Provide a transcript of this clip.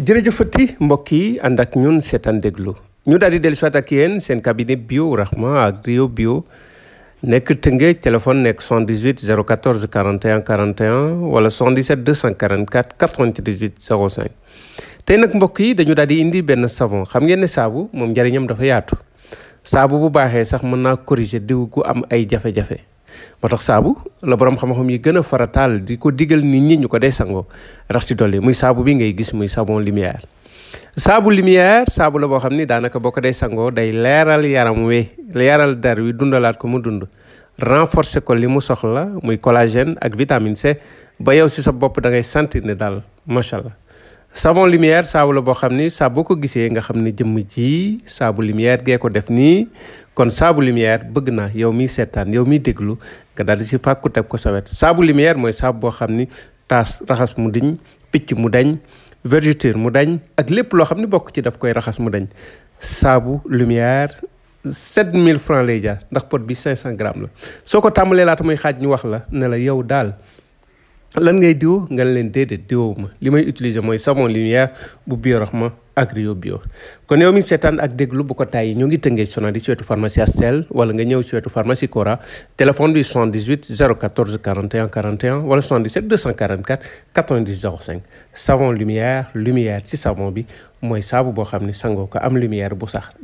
jërëjëfati mbokk yi ànd ak ñun seetaan déglu ñu daal di dellu si waat ak yenn seen cabinet bio Rahma ak Rio bio nekk Tënge téléphone nekk 78 014 41 41 wala 77 244 98 05 tey nag mbokk yi dañu daal di indi benn savon xam ngeen ne saabu moom njariñam dafa yaatu saabu bu baaxee sax mën naa corriger diw gu am ay jafe-jafe moo tax saabu la borom xam-xam yi gën a farataal di ko digal nit ñi ñu ko dee sangoo rax ci dolli muy saabu bi ngay gis muy savon lumière. saabu lumière saabu la boo xam ni daanaka boo ko day sangoo day leeral yaram wi leeral der wi dundalaat ko mu dund renforcer ko li mu soxla muy collagène ak vitamine C ba yow si sa bopp da ngay sentir ne daal macha allah. savon lumière saabu la boo xam ni saa boo ko gisee nga xam ne jëmm ji saabu lumière gee ko def nii kon saabu lumière bëgg naa yow mi seetaan yow mi déglu nga daal di si fàkku teg ko sa saabu lumière mooy saabu boo xam ni taas raxas mu diñ picc mu dañ vergeture mu dañ ak lépp loo xam ni bokk ci daf koy raxas mu dañ saabu lumière mille francs lay jaar ndax pot bi 500 grammes la soo ko tàmbalee laata muy xaaj ñu wax la ne la yow daal lan ngay diw nga leen déedéet diwoo ma li may utiliser mooy savon lumière bu Biorahma ma Rio Bio kon yow mi seetaan ak déglu bu ko tàyyi ñoo ngi tëngee sonal di si wetu pharmacie Astel wala nga ñëw si wetu pharmacie Cora téléphone bi 78 014 41 41 wala 77 244 90 05 savon lumière lumière ci savon bi mooy saabu boo xam ni sangoo ko am lumière bu sax.